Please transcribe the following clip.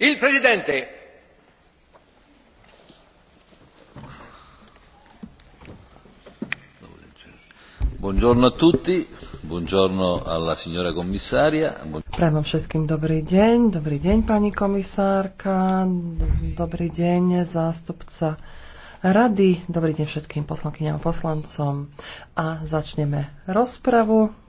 Il Presidente. Buongiorno a tutti, buongiorno alla signora commissaria. Prajem všetkým dobrý deň, dobrý deň pani komisárka, dobrý deň zástupca rady, dobrý deň všetkým poslankyňam a poslancom. A začneme rozpravu.